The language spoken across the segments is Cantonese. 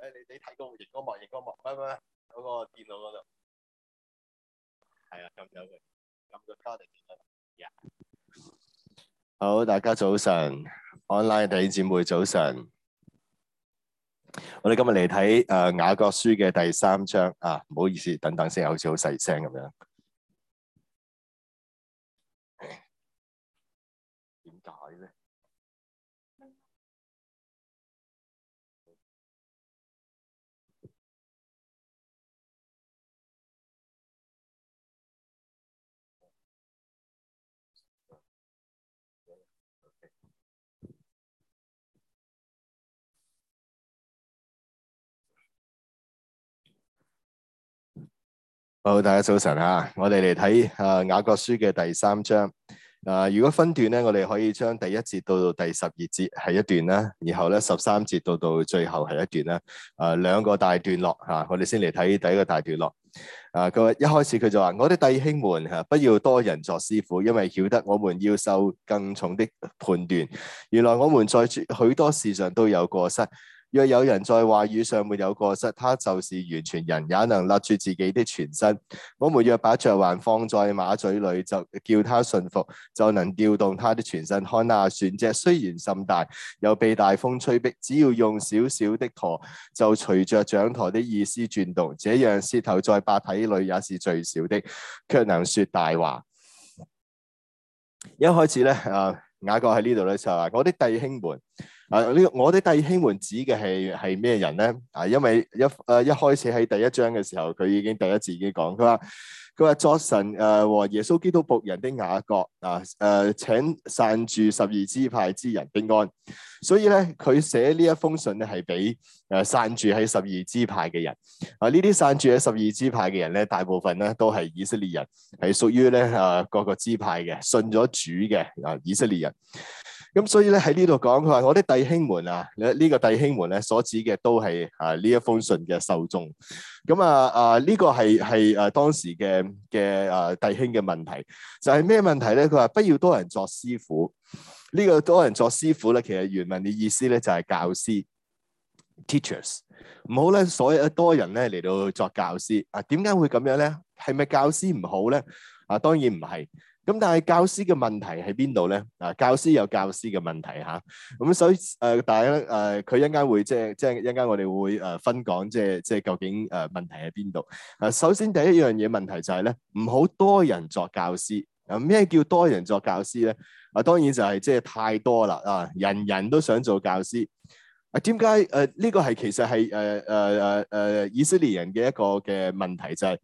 誒、哎，你睇過熒光幕、熒光幕？咩咩嗰個電腦嗰度，係啊，咁咗嘅。咁就交定。Yeah. 好，大家早晨，online 弟兄姊妹早晨。我哋今日嚟睇誒雅各書嘅第三章啊，唔好意思，等等先，好似好細聲咁樣。好，Hello, 大家早晨啊！我哋嚟睇啊雅各書嘅第三章。啊，如果分段咧，我哋可以將第一節到到第十二節係一段啦，然後咧十三節到到最後係一段啦。啊，兩個大段落吓、啊，我哋先嚟睇第一個大段落。啊，佢一開始佢就話：我哋弟兄們吓、啊，不要多人作師傅，因為曉得我們要受更重的判斷。原來我們在許多事上都有過失。若有人在話語上沒有過失，他就是完全人，也能勒住自己的全身。我們若把嚼環放在馬嘴裏，就叫他馴服，就能調動他的全身。看那船隻雖然甚大，又被大風吹逼，只要用小小的舵，就隨着掌舵的意思轉動。這樣舌頭在百體裏也是最小的，卻能說大話。一開始咧，啊，雅各喺呢度咧就話：我啲弟兄們。啊！呢我哋弟兄們指嘅係係咩人咧？啊，因為一誒、啊、一開始喺第一章嘅時候，佢已經第一次已經講，佢話佢話作神誒和、啊、耶穌基督僕人的雅各啊誒，請散住十二支派之人的安。所以咧，佢寫呢一封信咧，係俾誒散住喺十二支派嘅人啊。呢啲散住喺十二支派嘅人咧，大部分咧都係以色列人，係屬於咧誒各個支派嘅，信咗主嘅啊以色列人。咁所以咧喺呢度講，佢話我啲弟兄們啊，呢呢個弟兄們咧所指嘅都係啊呢一封信嘅受眾。咁啊啊呢個係係誒當時嘅嘅誒弟兄嘅問題，就係咩問題咧？佢話不要多人作師傅。呢個多人作師傅咧，其實原文嘅意思咧就係教師 teachers 唔好咧，所有多人咧嚟到作教師。啊，點解會咁樣咧？係咪教師唔好咧？啊，當然唔係。咁、嗯、但係教師嘅問題喺邊度咧？啊，教師有教師嘅問題嚇。咁、啊、所以誒、呃，但係咧誒，佢一陣間會即係即係一陣間，我哋會誒分講，即係即係究竟誒、呃、問題喺邊度？啊，首先第一樣嘢問題就係、是、咧，唔好多人作教師啊。咩叫多人作教師咧？啊，當然就係、是、即係太多啦啊！人人都想做教師啊？點解誒？呢、呃這個係其實係誒誒誒誒以色列人嘅一個嘅問題就係、是。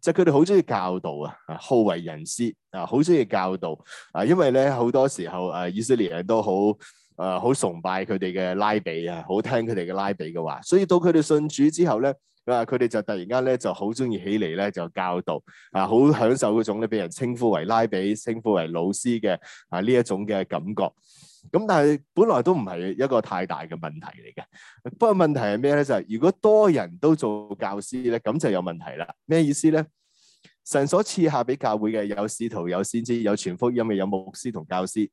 即係佢哋好中意教導啊，好為人師啊，好中意教導啊，因為咧好多時候誒、啊，以色列人都好誒，好、啊、崇拜佢哋嘅拉比啊，好聽佢哋嘅拉比嘅話，所以到佢哋信主之後咧，啊，佢哋就突然間咧就好中意起嚟咧就教導啊，好享受嗰種咧俾人稱呼為拉比、稱呼為老師嘅啊呢一種嘅感覺。咁但係本來都唔係一個太大嘅問題嚟嘅，不過問題係咩咧？就係、是、如果多人都做教師咧，咁就有問題啦。咩意思咧？神所賜下俾教會嘅有使徒、有先知、有傳福音嘅有牧師同教師，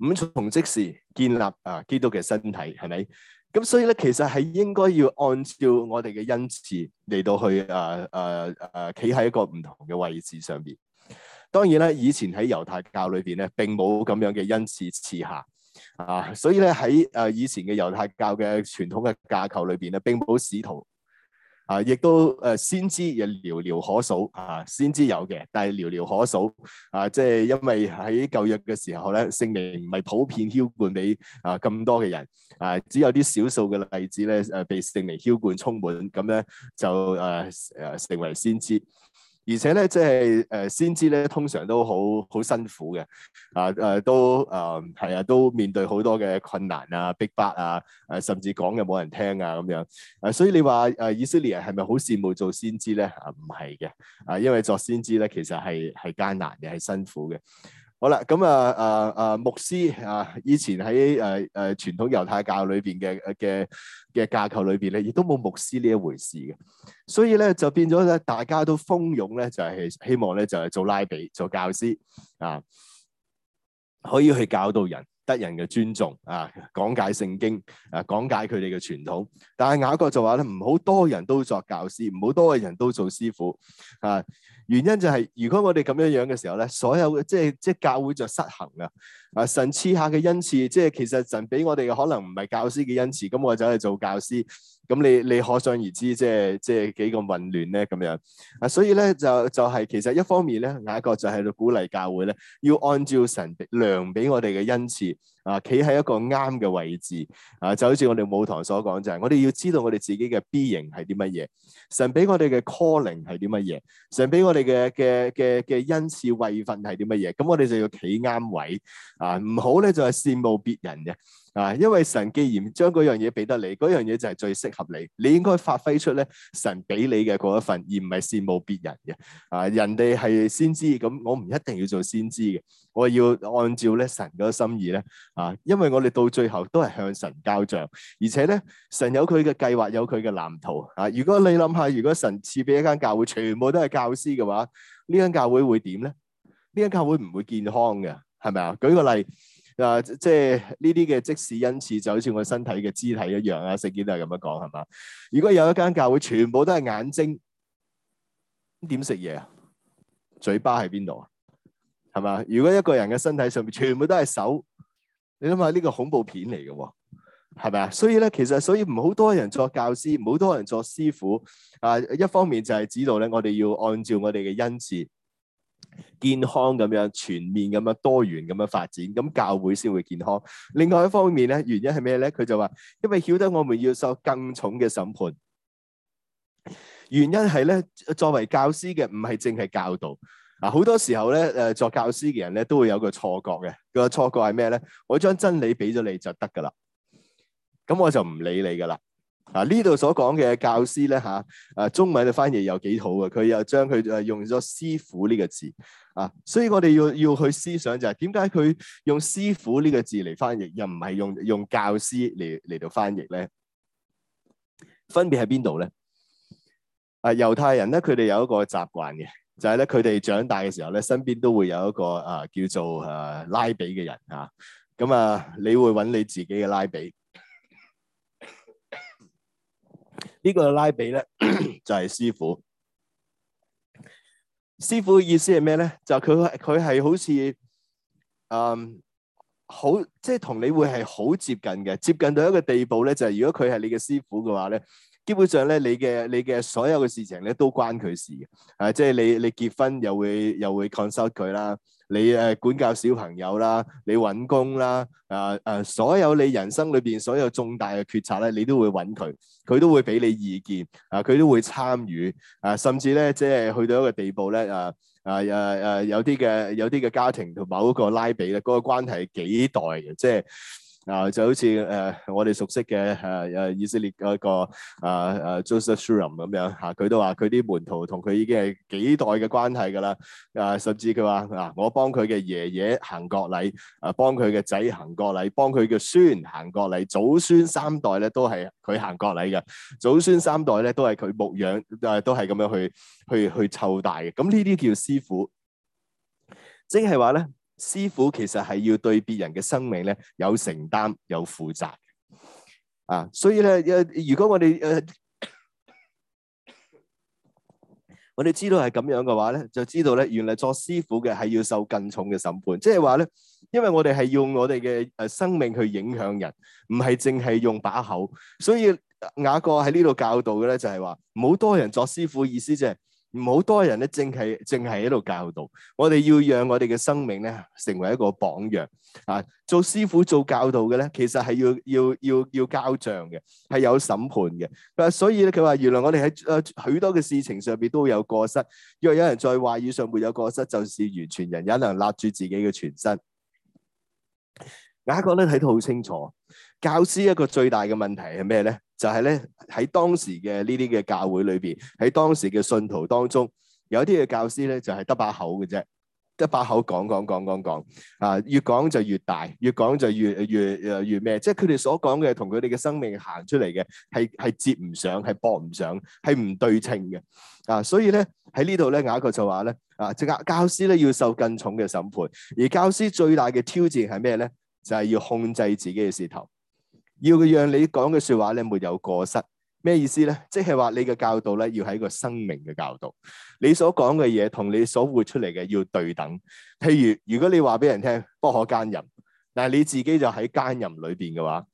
五重職事建立啊基督嘅身體，係咪？咁所以咧，其實係應該要按照我哋嘅恩賜嚟到去啊啊啊企喺一個唔同嘅位置上邊。當然啦，以前喺猶太教裏邊咧，並冇咁樣嘅恩賜賜下啊，所以咧，喺誒以前嘅猶太教嘅傳統嘅架構裏邊咧，並冇使徒啊，亦都誒先知亦寥寥可數啊，先知有嘅，但係寥寥可數啊，即係因為喺舊約嘅時候咧，聖靈唔係普遍澆灌畀啊咁多嘅人啊，只有啲少數嘅例子咧誒、啊、被聖靈澆灌充滿，咁咧就誒誒、啊、成為先知。而且咧，即係誒先知咧，通常都好好辛苦嘅，啊誒都誒係啊，都面對好多嘅困難啊、逼迫啊，誒、啊、甚至講嘅冇人聽啊咁樣。誒、啊、所以你話誒、啊、以色列人係咪好羨慕做先知咧？啊唔係嘅，啊因為作先知咧，其實係係艱難嘅，係辛苦嘅。好啦，咁啊，誒、啊、誒，牧師啊，以前喺誒誒傳統猶太教裏邊嘅嘅嘅架構裏邊咧，亦都冇牧師呢一回事嘅，所以咧就變咗咧，大家都蜂擁咧就係希望咧就係做拉比做教師啊，可以去教導人。得人嘅尊重啊，講解聖經啊，講解佢哋嘅傳統。但係雅各就話咧，唔好多人都作教師，唔好多嘅人都做師傅啊。原因就係，如果我哋咁樣樣嘅時候咧，所有即係即係教會就失衡噶。啊，神賜下嘅恩賜，即係其實神俾我哋嘅可能唔係教師嘅恩賜，咁我就去做教師。咁你你可想而知，即係即係幾個混亂咧咁樣啊！所以咧就就係、是、其實一方面咧，雅各就喺度鼓勵教會咧，要按照神量俾我哋嘅恩賜啊，企喺一個啱嘅位置啊！就好似我哋舞堂所講就係，我哋要知道我哋自己嘅 B 型係啲乜嘢，神俾我哋嘅 calling 係啲乜嘢，神俾我哋嘅嘅嘅嘅恩賜位份係啲乜嘢，咁、啊、我哋就要企啱位啊！唔好咧就係、是、羨慕別人嘅。啊！因為神既然將嗰樣嘢俾得你，嗰樣嘢就係最適合你。你應該發揮出咧神俾你嘅嗰一份，而唔係羨慕別人嘅。啊！人哋係先知，咁我唔一定要做先知嘅。我要按照咧神嗰心意咧，啊！因為我哋到最後都係向神交帳，而且咧神有佢嘅計劃，有佢嘅藍圖。啊！如果你諗下，如果神賜俾一間教會全部都係教師嘅話，呢間教會會點咧？呢間教會唔會健康嘅，係咪啊？舉個例。啊，即係呢啲嘅，即使恩賜就好似我身體嘅肢體一樣啊。聖經都係咁樣講，係嘛？如果有一間教會全部都係眼睛，點食嘢啊？嘴巴喺邊度啊？係嘛？如果一個人嘅身體上面全部都係手，你諗下呢個恐怖片嚟嘅喎，係咪啊？所以咧，其實所以唔好多人做教師，唔好多人做師傅。啊，一方面就係指導咧，我哋要按照我哋嘅恩賜。健康咁樣全面咁樣多元咁樣發展，咁教會先會健康。另外一方面咧，原因係咩咧？佢就話，因為曉得我們要受更重嘅審判。原因係咧，作為教師嘅唔係淨係教導。嗱，好多時候咧，誒，做教師嘅人咧，都會有個錯覺嘅。個錯覺係咩咧？我將真理俾咗你就得噶啦，咁我就唔理你噶啦。嗱，呢度所講嘅教師咧吓，啊，中文嘅翻譯又幾好嘅，佢又將佢誒用咗師傅呢個字啊，所以我哋要要去思想就係點解佢用師傅呢個字嚟翻譯，又唔係用用教師嚟嚟到翻譯咧？分別喺邊度咧？啊，猶太人咧，佢哋有一個習慣嘅，就係咧佢哋長大嘅時候咧，身邊都會有一個啊叫做啊拉比嘅人啊，咁啊你會揾你自己嘅拉比。呢個拉比咧咳咳就係、是、師傅，師傅嘅意思係咩咧？就佢佢係好似嗯好即係同你會係好接近嘅，接近到一個地步咧，就係、是、如果佢係你嘅師傅嘅話咧，基本上咧你嘅你嘅所有嘅事情咧都關佢事嘅，啊！即、就、係、是、你你結婚又會又會 consult 佢啦。你誒管教小朋友啦，你揾工啦，啊啊，所有你人生裏邊所有重大嘅決策咧，你都會揾佢，佢都會俾你意見，啊，佢都會參與，啊，甚至咧，即係去到一個地步咧，啊啊啊啊，有啲嘅有啲嘅家庭同某一個拉比咧，嗰個關係幾代嘅，即係。啊，就好似誒、呃、我哋熟悉嘅誒誒以色列嗰個、呃呃、Joseph 啊 Joseph Shulam 咁樣嚇，佢都話佢啲門徒同佢已經係幾代嘅關係噶啦，啊，甚至佢話嗱，我幫佢嘅爺爺行國禮，啊，幫佢嘅仔行國禮，幫佢嘅孫行國禮，祖孫三代咧都係佢行國禮嘅，祖孫三代咧都係佢牧養啊，都係咁樣去去去湊大嘅，咁呢啲叫師傅，即係話咧。師傅其實係要對別人嘅生命咧有承擔有負責啊，所以咧，誒，如果我哋誒、呃，我哋知道係咁樣嘅話咧，就知道咧，原嚟作師傅嘅係要受更重嘅審判，即係話咧，因為我哋係用我哋嘅誒生命去影響人，唔係淨係用把口，所以雅各喺呢度教導嘅咧就係話，唔好多人作師傅，意思即係。唔好多人咧，淨係淨係喺度教導。我哋要讓我哋嘅生命咧，成為一個榜樣啊！做師傅做教導嘅咧，其實係要要要要交賬嘅，係有審判嘅。啊，所以咧佢話原來我哋喺誒許多嘅事情上邊都有過失。若有人在話語上沒有過失，就是完全人也能立住自己嘅全身。雅各咧睇得好清楚，教師一個最大嘅問題係咩咧？就係咧喺當時嘅呢啲嘅教會裏邊，喺當時嘅信徒當中，有啲嘅教師咧就係得把口嘅啫，得把口講講講講講，啊越講就越大，越講就越越誒越咩？即係佢哋所講嘅同佢哋嘅生命行出嚟嘅係係接唔上，係駁唔上，係唔對稱嘅。啊，所以咧喺呢度咧，雅各就話咧，啊即係、就是、教師咧要受更重嘅審判，而教師最大嘅挑戰係咩咧？就係、是、要控制自己嘅舌頭。要讓你講嘅說話咧沒有過失，咩意思咧？即係話你嘅教導咧要喺個生命嘅教導，你所講嘅嘢，同你所活出嚟嘅要對等。譬如如果你話俾人聽不可奸淫，但係你自己就喺奸淫裏邊嘅話，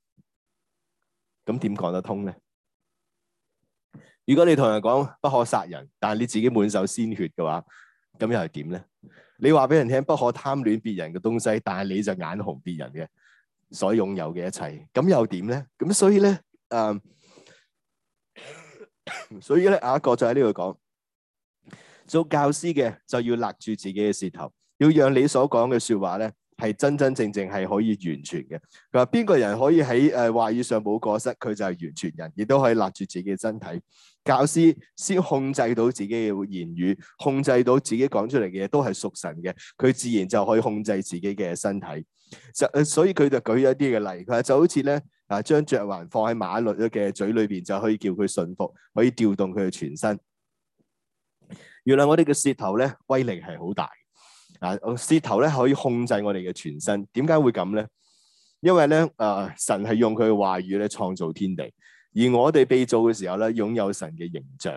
咁點講得通咧？如果你同人講不可殺人，但係你自己滿手鮮血嘅話，咁又係點咧？你話俾人聽不可貪戀別人嘅東西，但係你就眼紅別人嘅所擁有嘅一切，咁又點咧？咁所以咧，誒、嗯，所以咧、啊，雅各就喺呢度講：做教師嘅就要勒住自己嘅舌頭，要讓你所講嘅説話咧係真真正正係可以完全嘅。佢話：邊個人可以喺誒、呃、話語上冇過失，佢就係完全人，亦都可以勒住自己嘅身體。教師先控制到自己嘅言語，控制到自己講出嚟嘅嘢都係屬神嘅，佢自然就可以控制自己嘅身體。就所以佢就舉咗一啲嘅例，佢就好似咧啊，將嚼環放喺馬律嘅嘴裏邊，就可以叫佢信服，可以調動佢嘅全身。原來我哋嘅舌頭咧威力係好大，啊，舌頭咧可以控制我哋嘅全身。點解會咁咧？因為咧啊、呃，神係用佢嘅話語咧創造天地，而我哋被造嘅時候咧擁有神嘅形象，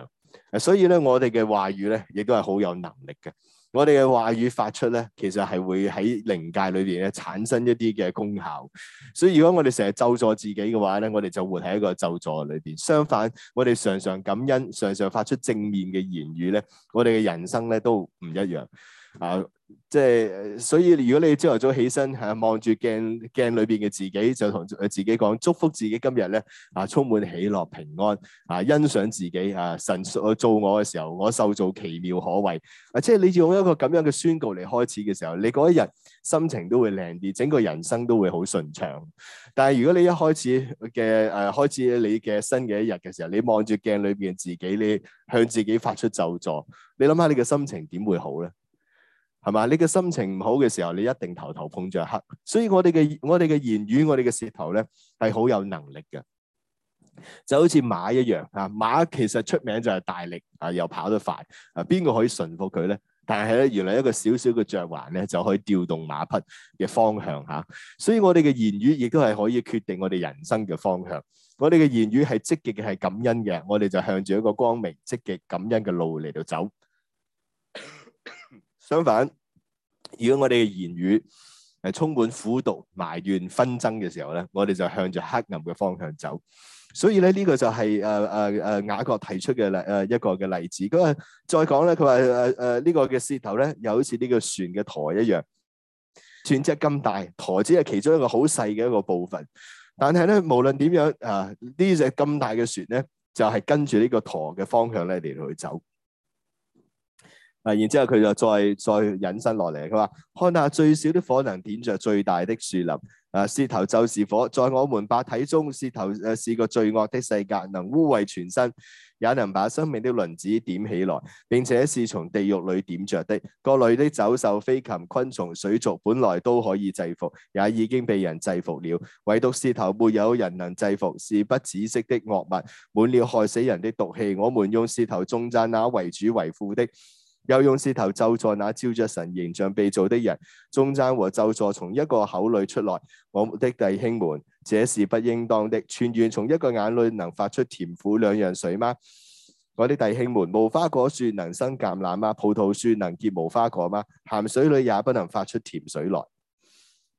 啊、所以咧我哋嘅話語咧亦都係好有能力嘅。我哋嘅話語發出咧，其實係會喺靈界裏邊咧產生一啲嘅功效。所以如果我哋成日咒詛自己嘅話咧，我哋就活喺一個咒詛裏邊。相反，我哋常常感恩，常常發出正面嘅言語咧，我哋嘅人生咧都唔一樣。啊、嗯！Uh, 即係所以，如果你朝頭早起身，吓、啊、望住鏡鏡裏邊嘅自己，就同自己講，祝福自己今日咧啊，充滿喜樂平安啊，欣賞自己啊，神做我嘅時候，我受造奇妙可畏啊！即係你用一個咁樣嘅宣告嚟開始嘅時候，你嗰一日心情都會靚啲，整個人生都會好順暢。但係如果你一開始嘅誒、啊、開始你嘅新嘅一日嘅時候，你望住鏡裏邊自己，你向自己發出咒詛，你諗下你嘅心情點會好咧？係嘛？你嘅心情唔好嘅時候，你一定頭頭碰着黑。所以我哋嘅我哋嘅言語，我哋嘅舌頭咧，係好有能力嘅，就好似馬一樣啊！馬其實出名就係大力啊，又跑得快啊，邊個可以馴服佢咧？但係咧，原來一個小小嘅嚼環咧，就可以調動馬匹嘅方向吓。所以我哋嘅言語亦都係可以決定我哋人生嘅方向。我哋嘅言語係積極嘅，係感恩嘅，我哋就向住一個光明、積極、感恩嘅路嚟到走。 相反，如果我哋嘅言語係充滿苦毒、埋怨、紛爭嘅時候咧，我哋就向著黑暗嘅方向走。所以咧，呢個就係誒誒誒雅各提出嘅例、誒一個嘅例子。佢話再講咧，佢話誒誒，呢個嘅舌頭咧，又好似呢個船嘅舵一樣，船隻咁大，舵只係其中一個好細嘅一個部分。但係咧，無論點樣啊，呃、呢隻咁大嘅船咧，就係跟住呢個舵嘅方向咧嚟到去走。然之後佢就再再引申落嚟，佢話：看下最小的火能點着最大的樹林。啊！舌頭就是火，在我們百體中，舌頭誒是、啊、個罪惡的世界，能污穢全身，也能把生命的輪子點起來，並且是從地獄裏點着的。各類的走獸、飛禽、昆蟲、水族本來都可以制服，也已經被人制服了，唯獨舌頭沒有人能制服，是不止息的惡物，滿了害死人的毒氣。我們用舌頭頌讚那、啊、為主為父的。又用舌頭咒詛那照着神形象被造的人，中間和咒詛從一個口裏出來。我們的弟兄們，這是不應當的。泉源從一個眼裏能發出甜苦兩樣水嗎？我的弟兄們，無花果樹能生橄欖嗎？葡萄樹能結無花果嗎？鹹水裏也不能發出甜水來。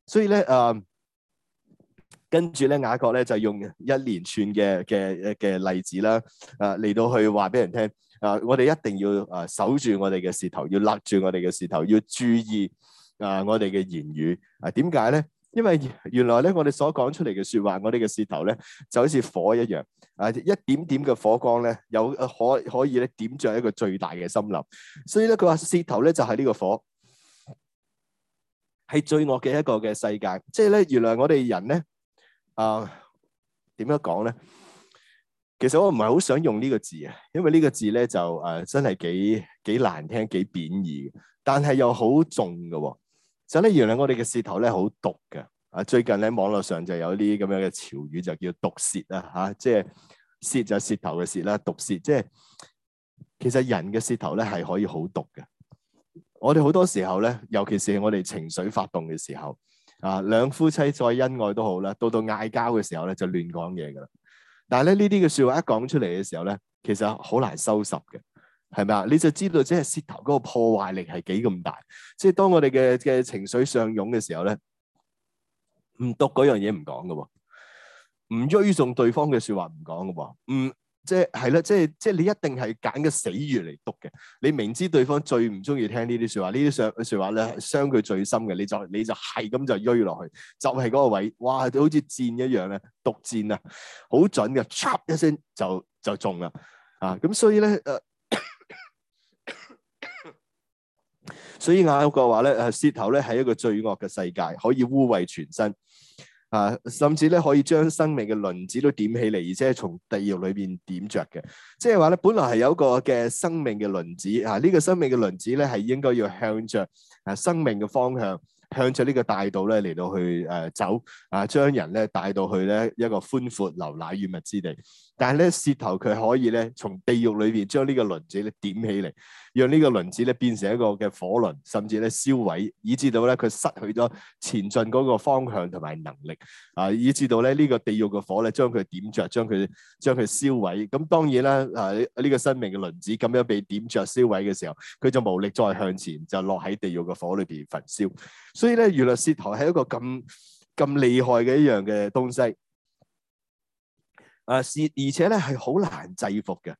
所以咧，誒、嗯，跟住咧，雅各咧就用一連串嘅嘅嘅例子啦，誒、啊、嚟到去話俾人聽。啊！我哋一定要啊守住我哋嘅舌頭，要勒住我哋嘅舌頭，要注意啊我哋嘅言語啊。點解咧？因為原來咧，我哋所講出嚟嘅說話，我哋嘅舌頭咧，就好似火一樣啊！一點點嘅火光咧，有可可以咧點著一個最大嘅森林，所以咧佢話舌頭咧就係呢個火，係罪惡嘅一個嘅世界。即係咧，原來我哋人咧啊，點樣講咧？其實我唔係好想用呢個字嘅，因為呢個字咧就誒、呃、真係幾幾難聽、幾貶義，但係又好重嘅、哦。就咧原來我哋嘅舌頭咧好毒嘅。啊，最近咧網絡上就有啲咁樣嘅潮語就叫毒舌啊，吓，即係舌就舌頭嘅舌啦，毒舌即係其實人嘅舌頭咧係可以好毒嘅。我哋好多時候咧，尤其是我哋情緒發動嘅時候，啊，兩夫妻再恩愛都好啦，到到嗌交嘅時候咧就亂講嘢噶啦。但係咧呢啲嘅說話一講出嚟嘅時候咧，其實好難收拾嘅，係咪啊？你就知道即係舌頭嗰個破壞力係幾咁大，即係當我哋嘅嘅情緒上湧嘅時候咧，唔讀嗰樣嘢唔講㗎，唔追中對方嘅說話唔講㗎，唔。即係啦，即係即係你一定係揀個死穴嚟督嘅。你明知對方最唔中意聽呢啲說話，呢啲說說話咧傷佢最深嘅，你就你就係咁就追落去，就係、是、嗰個位，哇！好似箭一樣咧，毒箭啊，好準嘅，一聲就就中啦啊！咁所以咧，誒、呃， 所以雅各嘅話咧，誒、啊 啊，舌頭咧係一個罪惡嘅世界，可以污穢全身。啊，甚至咧可以將生命嘅輪子都點起嚟，而且係從地獄裏邊點着嘅。即係話咧本來係有一個嘅生命嘅輪子，啊呢、這個生命嘅輪子咧係應該要向着啊生命嘅方向，向着呢個大道咧嚟到去誒、啊、走，啊將人咧帶到去咧一個寬闊流奶與蜜之地。但係咧，舌頭佢可以咧，從地獄裏邊將呢個輪子咧點起嚟，讓呢個輪子咧變成一個嘅火輪，甚至咧燒毀，以致到咧佢失去咗前進嗰個方向同埋能力，啊，以致到咧呢個地獄嘅火咧將佢點着，將佢將佢燒毀。咁當然啦，啊呢個生命嘅輪子咁樣被點着燒毀嘅時候，佢就無力再向前，就落喺地獄嘅火裏邊焚燒。所以咧，原來舌頭係一個咁咁厲害嘅一樣嘅東西。啊，是而且咧係好難制服嘅。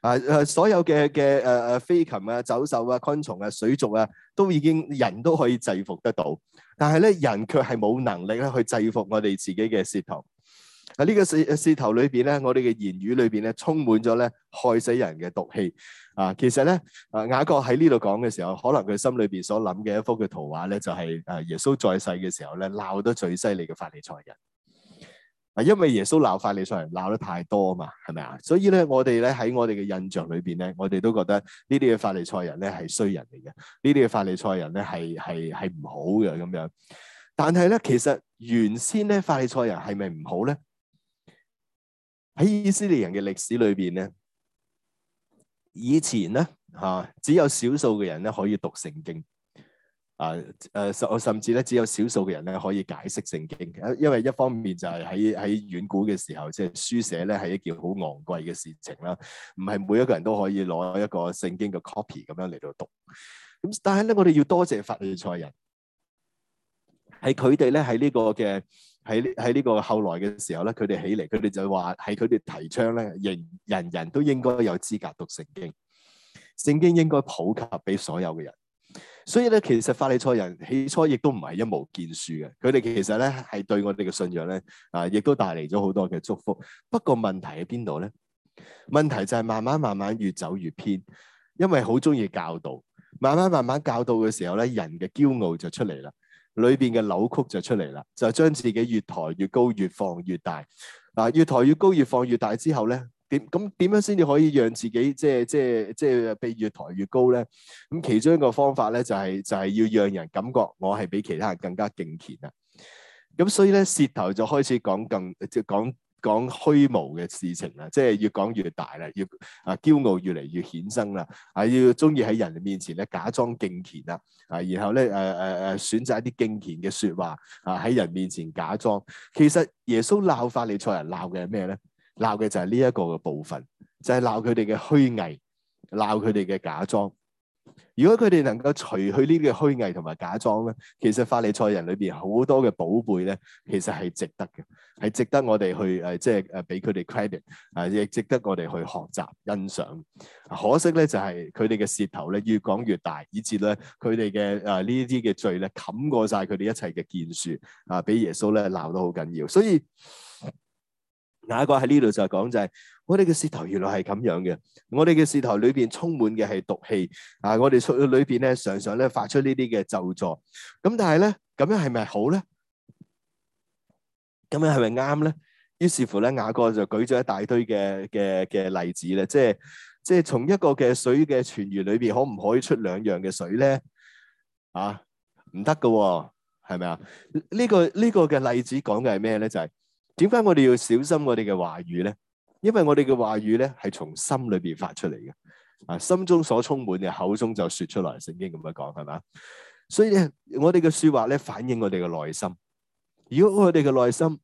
啊啊所有嘅嘅，誒誒飛禽啊、走獸啊、昆蟲啊、水族啊，都已經人都可以制服得到，但係咧人卻係冇能力咧去制服我哋自己嘅舌頭。啊呢、這個舌舌頭裏邊咧，我哋嘅言語裏邊咧，充滿咗咧害死人嘅毒氣。啊，其實咧啊雅各喺呢度講嘅時候，可能佢心裏邊所諗嘅一幅嘅圖畫咧，就係、是、啊耶穌在世嘅時候咧鬧得最犀利嘅法利賽人。因為耶穌鬧法利賽人鬧得太多啊嘛，係咪啊？所以咧，我哋咧喺我哋嘅印象裏邊咧，我哋都覺得呢啲嘅法利賽人咧係衰人嚟嘅，呢啲嘅法利賽人咧係係係唔好嘅咁樣。但係咧，其實原先咧法利賽人係咪唔好咧？喺以色列人嘅歷史裏邊咧，以前咧嚇、啊、只有少數嘅人咧可以讀聖經。啊誒、啊，甚甚至咧，只有少數嘅人咧可以解釋聖經。因為一方面就係喺喺遠古嘅時候，即係書寫咧係一件好昂貴嘅事情啦，唔係每一個人都可以攞一個聖經嘅 copy 咁樣嚟到讀。咁但係咧，我哋要多謝法利賽人，喺佢哋咧喺呢個嘅喺喺呢個後來嘅時候咧，佢哋起嚟，佢哋就話喺佢哋提倡咧，應人，人人都應該有資格讀聖經，聖經應該普及俾所有嘅人。所以咧，其實法利賽人起初亦都唔係一無建樹嘅，佢哋其實咧係對我哋嘅信仰咧啊，亦都帶嚟咗好多嘅祝福。不過問題喺邊度咧？問題就係慢慢慢慢越走越偏，因為好鍾意教導。慢慢慢慢教導嘅時候咧，人嘅驕傲就出嚟啦，裏邊嘅扭曲就出嚟啦，就係將自己越抬越高，越放越大。啊，越抬越高，越放越大之後咧。點咁點樣先至可以讓自己即係即係即係被越抬越高咧？咁其中一個方法咧就係就係要讓人感覺我係比其他人更加敬虔啦。咁所以咧，舌頭就開始講更即係講講虛無嘅事情啦，即係越講越大啦，越啊驕傲越嚟越顯增啦。啊，要中意喺人面前咧假裝敬虔啊，啊，啊然後咧誒誒誒選擇一啲敬虔嘅說話啊喺人面前假裝。其實耶穌鬧法利賽人鬧嘅係咩咧？鬧嘅就係呢一個嘅部分，就係鬧佢哋嘅虛偽，鬧佢哋嘅假裝。如果佢哋能夠除去呢啲虛偽同埋假裝咧，其實法利賽人裏邊好多嘅寶貝咧，其實係值得嘅，係值得我哋去誒、啊，即係誒俾佢哋 credit 啊，亦值得我哋去學習欣賞。可惜咧，就係佢哋嘅舌頭咧越講越大，以至咧佢哋嘅誒呢啲嘅、啊、罪咧冚過晒佢哋一切嘅建樹啊，俾耶穌咧鬧得好緊要，所以。雅各喺呢度就講就係，我哋嘅舌頭原來係咁樣嘅，我哋嘅舌頭裏邊充滿嘅係毒氣，啊，我哋裏邊咧常常咧發出呢啲嘅咒詛，咁但係咧，咁樣係咪好咧？咁樣係咪啱咧？於是乎咧，雅各就舉咗一大堆嘅嘅嘅例子咧，即係即係從一個嘅水嘅泉源裏邊，可唔可以出兩樣嘅水咧？啊，唔得噶，係咪啊？呢個呢個嘅例子講嘅係咩咧？就係。點解我哋要小心我哋嘅話語咧？因為我哋嘅話語咧係從心裏邊發出嚟嘅，啊，心中所充滿嘅，口中就說出嚟。聖經咁樣講係咪？所以咧，我哋嘅說話咧反映我哋嘅內心。如果我哋嘅內心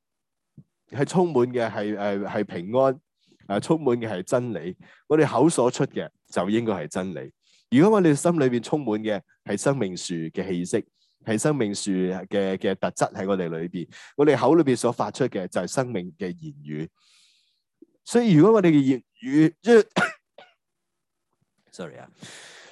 係充滿嘅係誒係平安，啊，充滿嘅係真理，我哋口所出嘅就應該係真理。如果我哋心裏邊充滿嘅係生命樹嘅氣息。係生命樹嘅嘅特質喺我哋裏邊，我哋口裏邊所發出嘅就係生命嘅言語。所以如果我哋嘅言語，sorry 啊，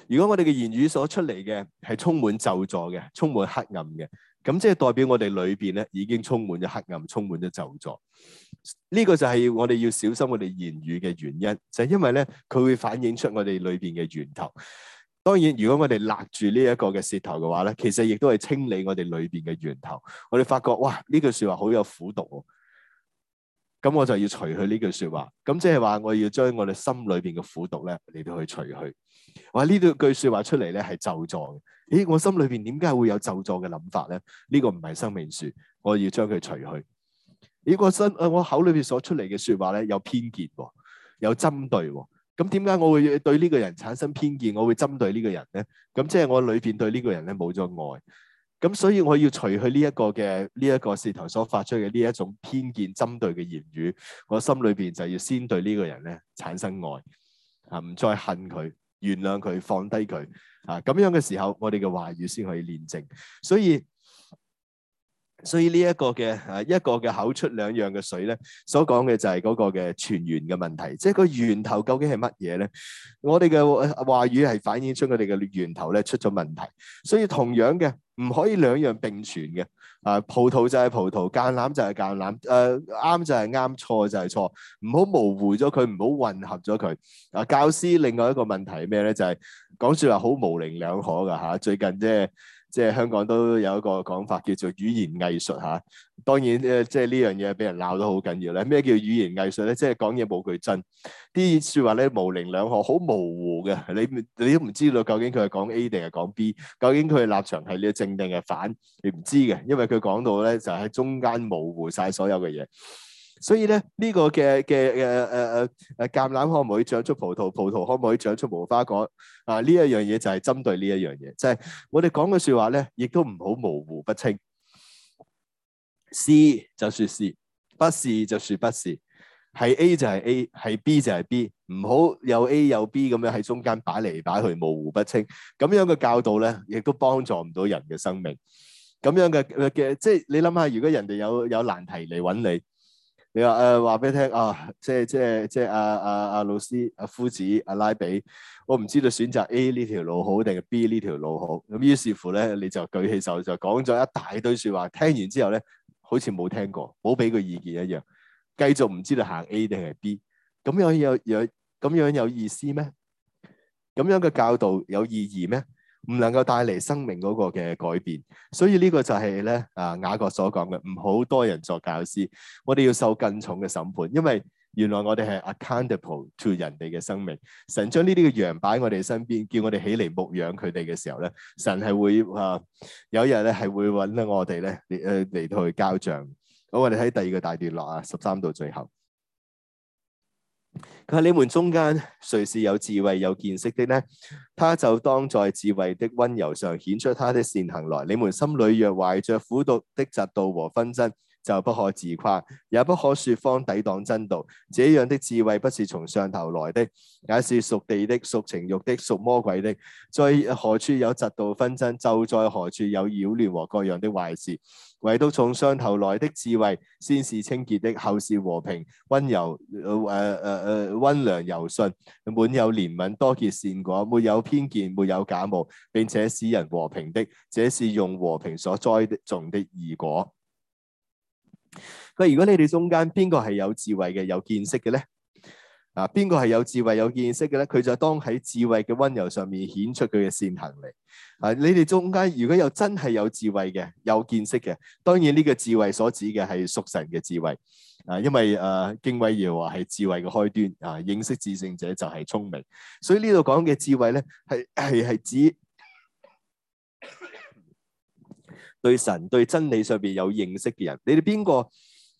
如果我哋嘅言語所出嚟嘅係充滿咒詛嘅，充滿黑暗嘅，咁即係代表我哋裏邊咧已經充滿咗黑暗，充滿咗咒詛。呢、這個就係我哋要小心我哋言語嘅原因，就係、是、因為咧佢會反映出我哋裏邊嘅源頭。當然，如果我哋勒住呢一個嘅舌頭嘅話咧，其實亦都係清理我哋裏邊嘅源頭。我哋發覺哇，呢句說話好有苦毒喎，咁我就要除去呢句說話。咁即係話我要將我哋心裏邊嘅苦毒咧嚟到去除去。哇，呢句句說話出嚟咧係咒詛嘅。咦，我心裏邊點解會有咒詛嘅諗法咧？呢個唔係生命樹，我要將佢除去。呢個身啊，我口裏邊所出嚟嘅說話咧有偏見喎，有針對喎。咁點解我會對呢個人產生偏見？我會針對呢個人咧？咁即係我裏邊對呢個人咧冇咗愛，咁所以我要除去呢一個嘅呢一個視圖所發出嘅呢一種偏見、針對嘅言語。我心裏邊就要先對呢個人咧產生愛，啊唔再恨佢、原諒佢、放低佢啊。咁樣嘅時候，我哋嘅話語先可以煉淨。所以。所以呢一個嘅誒，一個嘅口出兩樣嘅水咧，所講嘅就係嗰個嘅泉源嘅問題，即係個源頭究竟係乜嘢咧？我哋嘅話語係反映出佢哋嘅源頭咧出咗問題，所以同樣嘅唔可以兩樣並存嘅。啊，葡萄就係葡萄，橄欖就係橄欖。誒，啱就係啱，錯就係錯，唔好模糊咗佢，唔好混合咗佢。啊，教師另外一個問題係咩咧？就係講說話好模棱兩可噶吓，最近即係。即係香港都有一個講法叫做語言藝術嚇，當然誒、呃，即係呢樣嘢俾人鬧得好緊要咧。咩叫語言藝術咧？即係講嘢冇句真，啲説話咧，模棱兩可，好模糊嘅。你你都唔知道究竟佢係講 A 定係講 B，究竟佢嘅立場係呢正，定係反，你唔知嘅，因為佢講到咧就喺中間模糊晒所有嘅嘢。所以咧，呢、這個嘅嘅嘅嘅嘅橄欖可唔可以長出葡萄？葡萄可唔可以長出無花果？啊，呢一樣嘢就係針對呢一樣嘢。就係我哋講嘅説話咧，亦都唔好模糊不清。是就説是，不是就説不是。係 A 就係 A，係 B 就係 B。唔好有 A 有 B 咁樣喺中間擺嚟擺去，模糊不清。咁樣嘅教導咧，亦都幫助唔到人嘅生命。咁樣嘅嘅即係你諗下，如果人哋有有難題嚟揾你。你話誒，話、呃、俾你聽啊，即係即係即係阿阿阿老師、阿、啊、夫子、阿、啊、拉比，我唔知道選擇 A 呢條路好定係 B 呢條路好。咁於是,是乎咧，你就舉起手就講咗一大堆說話。聽完之後咧，好似冇聽過，冇俾個意見一樣，繼續唔知道行 A 定係 B。咁樣有有咁樣有意思咩？咁樣嘅教導有意義咩？唔能夠帶嚟生命嗰個嘅改變，所以呢個就係咧啊，雅各所講嘅，唔好多人作教師，我哋要受更重嘅審判，因為原來我哋係 accountable to 人哋嘅生命，神將呢啲嘅羊擺喺我哋身邊，叫我哋起嚟牧養佢哋嘅時候咧，神係會啊有一日咧係會搵到我哋咧，誒嚟到去交賬。好，我哋喺第二個大段落啊，十三到最後。但你們中間誰是有智慧有見識的呢？他就當在智慧的溫柔上顯出他的善行來。你們心裏若懷着苦毒的嫉妒和紛爭，就不可自誇，也不可說謊抵擋真道。這樣的智慧不是從上頭來的，也是屬地的、屬情欲的、屬魔鬼的。在何處有嫉妒紛爭，就在何處有擾亂和各樣的壞事。唯獨從上頭來的智慧，先是清潔的，後是和平、溫柔、呃呃呃、溫良柔順，滿有憐憫、多結善果，沒有偏見，沒有假冒，並且使人和平的。這是用和平所栽種的義果。佢，如果你哋中間邊個係有智慧嘅、有見識嘅咧，啊，邊個係有智慧、有見識嘅咧？佢就當喺智慧嘅溫柔上面顯出佢嘅善行嚟。啊，你哋中間如果有真係有智慧嘅、有見識嘅，當然呢個智慧所指嘅係屬神嘅智慧。啊，因為誒，敬畏耶和華係智慧嘅開端。啊，認識至聖者就係聰明。所以呢度講嘅智慧咧，係係係指。 對神、對真理上邊有認識嘅人，你哋邊個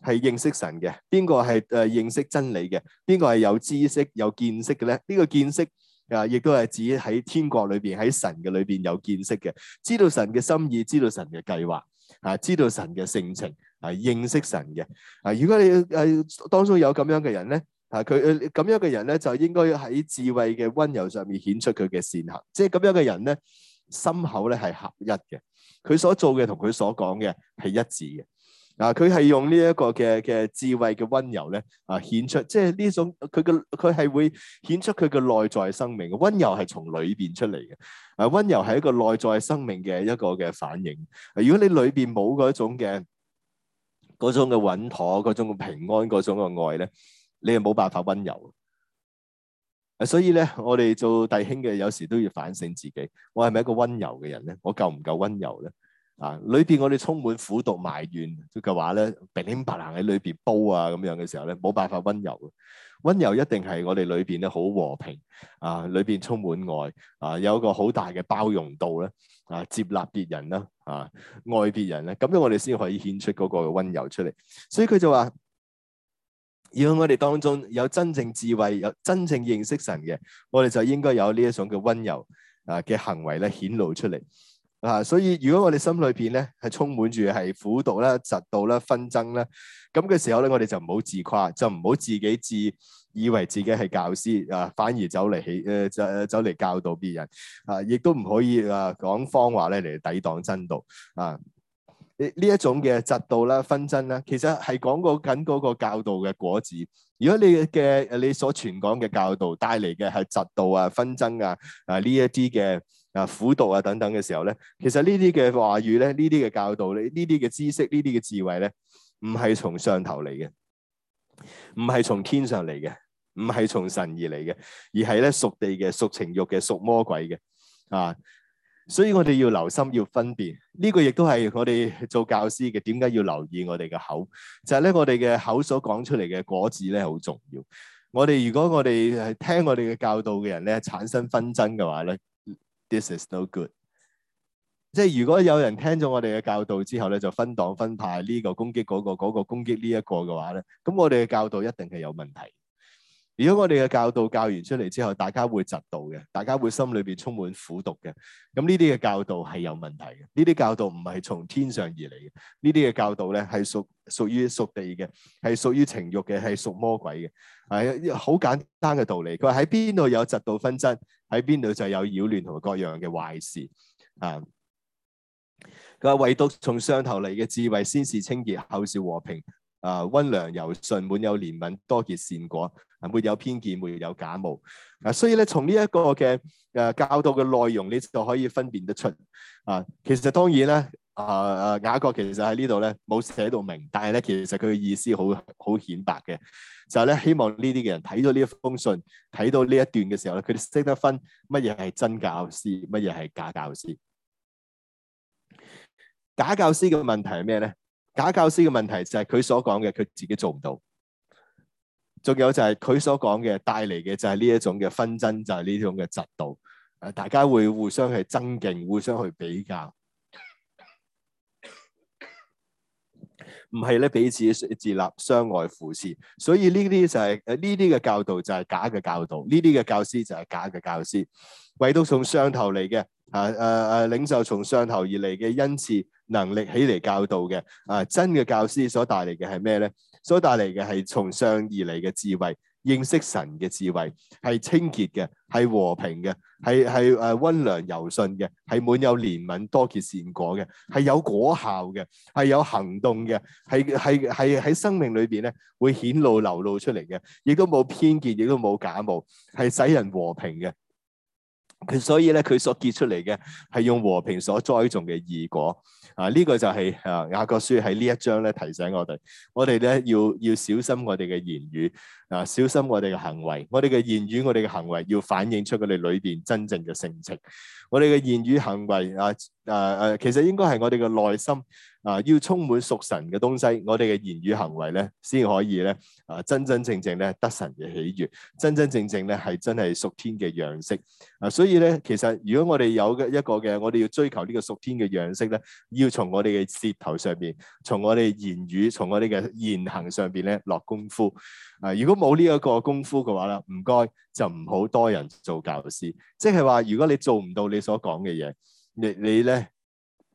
係認識神嘅？邊個係誒認識真理嘅？邊個係有知識、有見識嘅咧？呢、這個見識啊，亦都係指喺天國裏邊、喺神嘅裏邊有見識嘅，知道神嘅心意，知道神嘅計劃啊，知道神嘅性情啊，認識神嘅啊。如果你誒當中有咁樣嘅人咧，啊佢咁樣嘅人咧、啊啊、就應該喺智慧嘅温柔上面顯出佢嘅善行，即係咁樣嘅人咧心口咧係合一嘅。佢所做嘅同佢所講嘅係一致嘅，嗱，佢係用呢一個嘅嘅智慧嘅温柔咧，啊顯出即係呢種佢嘅佢係會顯出佢嘅內在生命嘅温柔係從裏邊出嚟嘅，啊温柔係一個內在生命嘅一個嘅反應。啊，如果你裏邊冇嗰一種嘅嗰種嘅穩妥，嗰種嘅平安，嗰種嘅愛咧，你係冇辦法温柔。所以咧，我哋做弟兄嘅，有時都要反省自己，我係咪一個温柔嘅人咧？我夠唔夠温柔咧？啊，裏邊我哋充滿苦毒埋怨嘅話咧，平平白白喺裏邊煲啊，咁樣嘅時候咧，冇辦法温柔嘅。温柔一定係我哋裏邊咧好和平啊，裏邊充滿愛啊，有一個好大嘅包容度咧啊，接納別人啦啊，愛別人咧，咁樣我哋先可以顯出嗰個温柔出嚟。所以佢就話。如果我哋當中有真正智慧、有真正認識神嘅，我哋就應該有呢一種嘅温柔啊嘅行為咧顯露出嚟啊。所以如果我哋心裏邊咧係充滿住係苦毒啦、嫉妒啦、紛爭啦，咁嘅時候咧，我哋就唔好自誇，就唔好自己自以為自己係教師啊，反而走嚟起誒、呃，走嚟教導別人啊，亦都唔可以啊講謊話咧嚟抵擋真道。啊。呢一種嘅嫉妒啦、紛爭啦、啊，其實係講過緊嗰個教導嘅果子。如果你嘅你所傳講嘅教導帶嚟嘅係嫉妒啊、紛爭啊、啊呢一啲嘅啊苦毒啊等等嘅時候咧，其實呢啲嘅話語咧、呢啲嘅教導咧、呢啲嘅知識、呢啲嘅智慧咧，唔係從上頭嚟嘅，唔係從天上嚟嘅，唔係從神而嚟嘅，而係咧屬地嘅、屬情欲嘅、屬魔鬼嘅啊。所以我哋要留心，要分辨呢個亦都係我哋做教師嘅，點解要留意我哋嘅口？就係咧，我哋嘅口所講出嚟嘅果子咧，好重要。我哋如果我哋係聽我哋嘅教導嘅人咧，產生紛爭嘅話咧，This is no good。即係如果有人聽咗我哋嘅教導之後咧，就分黨分派呢個攻擊嗰個，嗰個攻擊呢一個嘅話咧，咁我哋嘅教導一定係有問題。如果我哋嘅教導教完出嚟之後，大家會嫉妒嘅，大家會心裏面充滿苦毒嘅，咁呢啲嘅教導係有問題嘅，呢啲教導唔係從天上而嚟嘅，呢啲嘅教導咧係屬屬於屬地嘅，係屬於情欲嘅，係屬魔鬼嘅，係好簡單嘅道理。佢話喺邊度有嫉妒紛爭，喺邊度就有擾亂同埋各樣嘅壞事。啊，佢話唯獨從上頭嚟嘅智慧，先是清潔，後是和平。啊，溫良柔順，滿有憐憫，多結善果，啊，沒有偏見，沒有假冒。啊，所以咧，從呢一個嘅誒、啊、教導嘅內容你就可以分辨得出。啊，其實當然咧，啊啊雅各其實喺呢度咧冇寫到明，但係咧其實佢嘅意思好好顯白嘅，就係、是、咧希望呢啲嘅人睇到呢一封信，睇到呢一段嘅時候咧，佢哋識得分乜嘢係真教師，乜嘢係假教師。假教師嘅問題係咩咧？假教師嘅問題就係佢所講嘅佢自己做唔到，仲有就係佢所講嘅帶嚟嘅就係呢一種嘅紛爭，就係、是、呢種嘅嫉妒。誒大家會互相去增勁，互相去比較，唔係咧彼此自立相愛扶持，所以呢啲就係誒呢啲嘅教導就係假嘅教導，呢啲嘅教師就係假嘅教師，唯獨從上頭嚟嘅啊誒誒、啊、領袖從上頭而嚟嘅恩賜。能力起嚟教導嘅啊，真嘅教師所帶嚟嘅係咩咧？所帶嚟嘅係從上而嚟嘅智慧，認識神嘅智慧係清潔嘅，係和平嘅，係係誒溫良柔順嘅，係滿有憐憫、多結善果嘅，係有果效嘅，係有行動嘅，係係係喺生命裏邊咧會顯露流露出嚟嘅，亦都冇偏見，亦都冇假冒，係使人和平嘅。佢所以咧，佢所結出嚟嘅係用和平所栽種嘅義果。啊，呢、這個就係、是、啊雅各書喺呢一章咧提醒我哋，我哋咧要要小心我哋嘅言語啊，小心我哋嘅行為。我哋嘅言語，我哋嘅行為，要反映出佢哋裏邊真正嘅性情。我哋嘅言語行為啊啊啊，其實應該係我哋嘅內心。啊！要充滿屬神嘅東西，我哋嘅言語行為咧，先可以咧啊！真真正正咧得神嘅喜悅，真真正正咧係真係屬天嘅樣式啊！所以咧，其實如果我哋有嘅一個嘅，我哋要追求呢個屬天嘅樣式咧，要從我哋嘅舌頭上邊，從我哋言語，從我哋嘅言行上邊咧落功夫啊！如果冇呢一個功夫嘅話咧，唔該就唔好多人做教師，即係話如果你做唔到你所講嘅嘢，你你咧。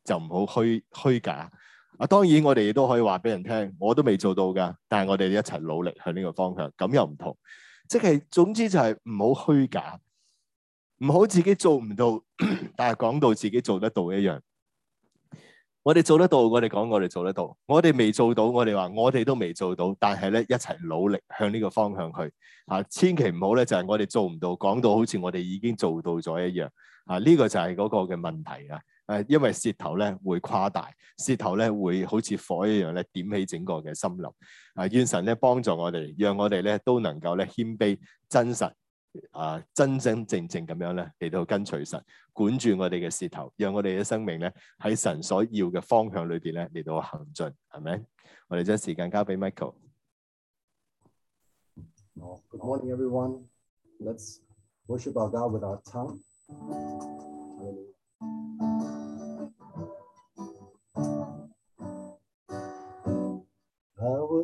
就唔好虛虛假啊！當然，我哋都可以話俾人聽，我都未做到噶。但係我哋一齊努力向呢個方向，咁又唔同。即係總之就係唔好虛假，唔好自己做唔到， 但係講到自己做得到一樣。我哋做得到，我哋講我哋做得到；我哋未做到，我哋話我哋都未做到。但係咧一齊努力向呢個方向去啊！千祈唔好咧，就係、是、我哋做唔到，講到好似我哋已經做到咗一樣啊！呢、呢個就係嗰個嘅問題啊！誒，因為舌頭咧會誇大，舌頭咧會好似火一樣咧點起整個嘅森林。啊，願神咧幫助我哋，讓我哋咧都能夠咧謙卑、真實啊，真真正正咁樣咧嚟到跟隨神，管住我哋嘅舌頭，讓我哋嘅生命咧喺神所要嘅方向裏邊咧嚟到行進，係咪？我哋將時間交俾 Michael。Good morning everyone. Let's worship our God with our tongue.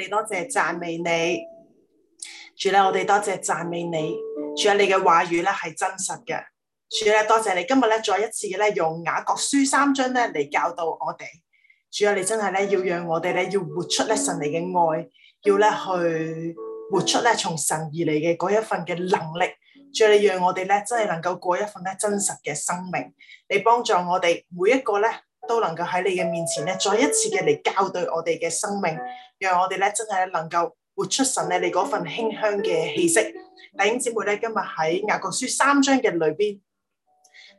你多謝讚美你，主咧，我哋多謝讚美你，主啊，你嘅話語咧係真實嘅，主咧，多謝你今日咧再一次咧用雅各書三章咧嚟教導我哋，主啊，你真係咧要讓我哋咧要活出咧神嚟嘅愛，要咧去活出咧從神而嚟嘅嗰一份嘅能力，主啊，你讓我哋咧真係能夠過一份咧真實嘅生命，你幫助我哋每一個咧。都能夠喺你嘅面前咧，再一次嘅嚟校對我哋嘅生命，讓我哋咧真係能夠活出神咧你嗰份馨香嘅氣息。弟兄姊妹咧，今日喺雅各書三章嘅裏邊，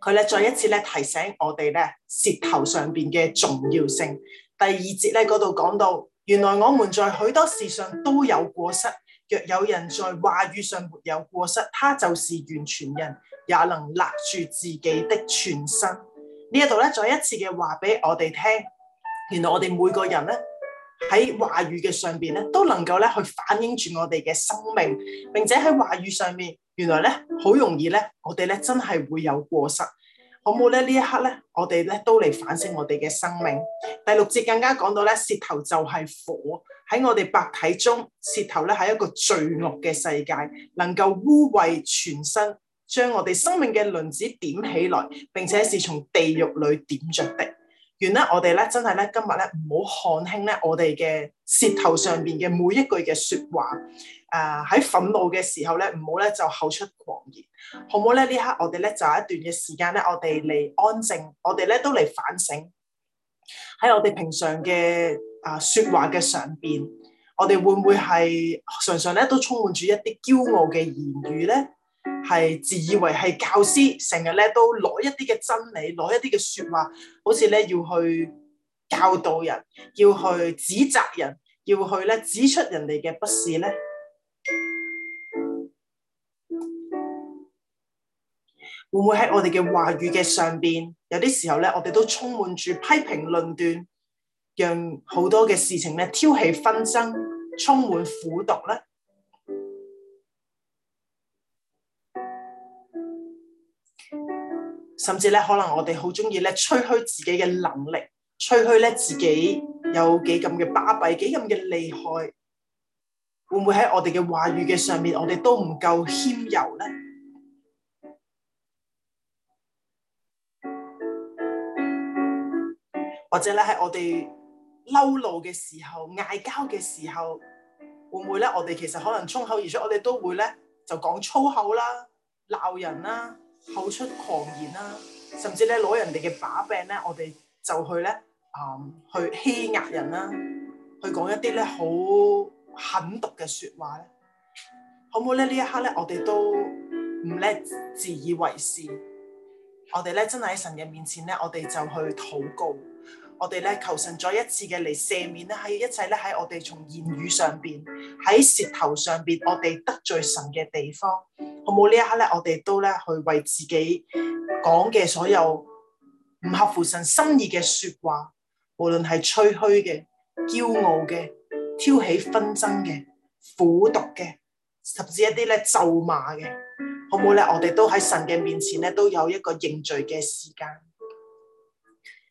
佢咧再一次咧提醒我哋咧舌頭上邊嘅重要性。第二節咧嗰度講到，原來我們在許多事上都有過失。若有人在話語上沒有過失，他就是完全人，也能勒住自己的全身。呢一度咧，再一次嘅話俾我哋聽，原來我哋每個人咧喺話語嘅上邊咧，都能夠咧去反映住我哋嘅生命，並且喺話語上面，原來咧好容易咧，我哋咧真係會有過失。好冇咧？呢一刻咧，我哋咧都嚟反省我哋嘅生命。第六節更加講到咧，舌頭就係火，喺我哋百體中，舌頭咧係一個罪惡嘅世界，能夠污穢全身。將我哋生命嘅輪子點起來，並且是從地獄裏點着的。原來咧，我哋咧真係咧，今日咧唔好看輕咧我哋嘅舌頭上邊嘅每一句嘅說話。誒、呃，喺憤怒嘅時候咧，唔好咧就口出狂言，好唔好咧？呢刻我哋咧就有一段嘅時間咧，我哋嚟安靜，我哋咧都嚟反省喺我哋平常嘅誒、呃、說話嘅上邊，我哋會唔會係常常咧都充滿住一啲驕傲嘅言語咧？係自以為係教師，成日咧都攞一啲嘅真理，攞一啲嘅說話，好似咧要去教導人，要去指責人，要去咧指出人哋嘅不是咧，會唔會喺我哋嘅話語嘅上邊，有啲時候咧，我哋都充滿住批評論斷，讓好多嘅事情咧挑起紛爭，充滿苦毒咧？甚至咧，可能我哋好中意咧吹噓自己嘅能力，吹噓咧自己有幾咁嘅巴閉，幾咁嘅厲害，會唔會喺我哋嘅話語嘅上面，我哋都唔夠謙柔咧？或者咧喺我哋嬲怒嘅時候、嗌交嘅時候，會唔會咧？我哋其實可能衝口而出，我哋都會咧就講粗口啦、鬧人啦。口出狂言啦，甚至咧攞人哋嘅把柄咧，我哋就去咧，嗯，去欺壓人啦，去講一啲咧好狠毒嘅說話咧，好唔好咧？呢一刻咧，我哋都唔叻，自以為是，我哋咧真係喺神嘅面前咧，我哋就去禱告。我哋咧求神再一次嘅嚟赦免咧，喺一切咧喺我哋從言語上邊，喺舌頭上邊，我哋得罪神嘅地方，好冇？呢一刻咧，我哋都咧去為自己講嘅所有唔合乎神心意嘅說話，無論係吹噓嘅、驕傲嘅、挑起紛爭嘅、苦毒嘅，甚至一啲咧咒罵嘅，好冇咧，我哋都喺神嘅面前咧，都有一個認罪嘅時間。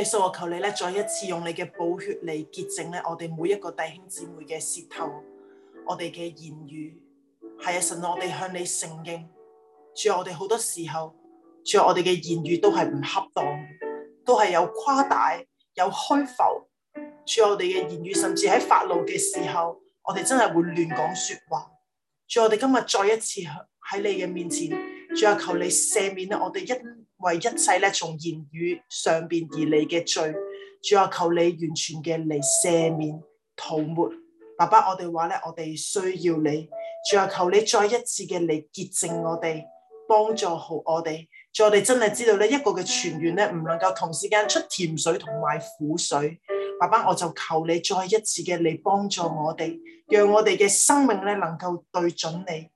耶穌，我求你咧，再一次用你嘅寶血嚟潔淨咧，我哋每一個弟兄姊妹嘅舌頭，我哋嘅言語，係啊，神我哋向你承認，在我哋好多時候，在我哋嘅言語都係唔恰當，都係有誇大、有虛浮，在我哋嘅言語，甚至喺發怒嘅時候，我哋真係會亂講說話。在我哋今日再一次喺你嘅面前，最後求你赦免啊！我哋一。為一切咧，從言語上邊而嚟嘅罪，主啊，求你完全嘅嚟赦免塗抹。爸爸，我哋話咧，我哋需要你。主啊，求你再一次嘅嚟潔淨我哋，幫助好我哋。主，我哋真係知道咧，一個嘅泉源咧，唔能夠同時間出甜水同埋苦水。爸爸，我就求你再一次嘅嚟幫助我哋，讓我哋嘅生命咧能夠對準你，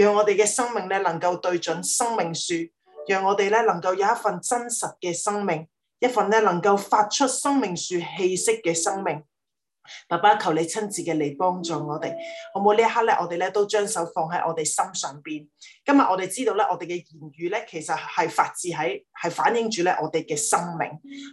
讓我哋嘅生命咧能夠對準生命樹。讓我哋咧能夠有一份真實嘅生命，一份咧能夠發出生命樹氣息嘅生命。爸爸，求你親自嘅嚟幫助我哋，好冇呢一刻咧，我哋咧都將手放喺我哋心上邊。今日我哋知道咧，我哋嘅言語咧，其實係發自喺，係反映住咧我哋嘅生命，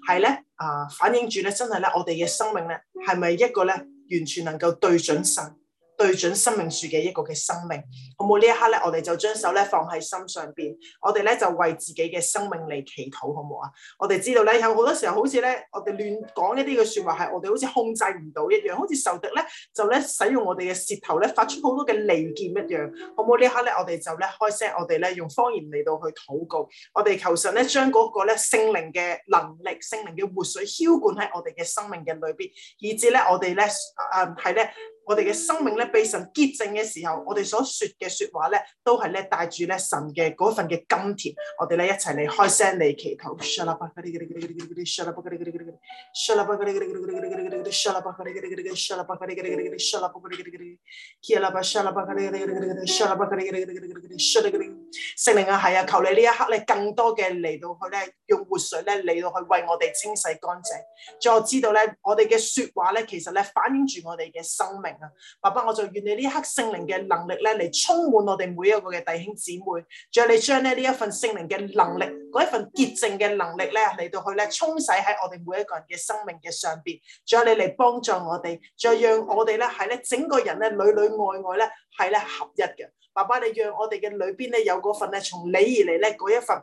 係咧啊，反映住咧真係咧我哋嘅生命咧，係咪一個咧完全能夠對準神？對準生命樹嘅一個嘅生命，好冇呢一刻咧，我哋就將手咧放喺心上邊，我哋咧就為自己嘅生命嚟祈禱，好冇啊！我哋知道咧，有好多時候好似咧，我哋亂講一啲嘅説話，係我哋好似控制唔到一樣，好似仇敵咧就咧使用我哋嘅舌頭咧發出好多嘅利劍一樣，好冇呢一刻咧，我哋就咧開聲，我哋咧用方言嚟到去禱告，我哋求神咧將嗰個咧聖靈嘅能力、聖靈嘅活水澆灌喺我哋嘅生命嘅裏邊，以致咧我哋咧誒係咧。呃我哋嘅生命咧，被神潔淨嘅時候，我哋所説嘅説話咧，都係咧帶住咧神嘅嗰份嘅甘甜。我哋咧一齊嚟開聲嚟祈禱。聖靈啊，係啊，求你呢一刻咧，更多嘅嚟到去咧，用活水咧嚟到去為我哋清洗乾淨。再我知道咧，我哋嘅説話咧，其實咧反映住我哋嘅生命。爸爸，我就願你呢一刻聖靈嘅能力咧，嚟充滿我哋每一個嘅弟兄姊妹。再你將咧呢一份聖靈嘅能力，嗰一份潔淨嘅能力咧，嚟到去咧沖洗喺我哋每一個人嘅生命嘅上邊。再你嚟幫助我哋，再讓我哋咧係咧整個人咧裏裏外外咧係咧合一嘅。爸爸，你讓我哋嘅裏邊咧有嗰份咧從你而嚟咧嗰一份。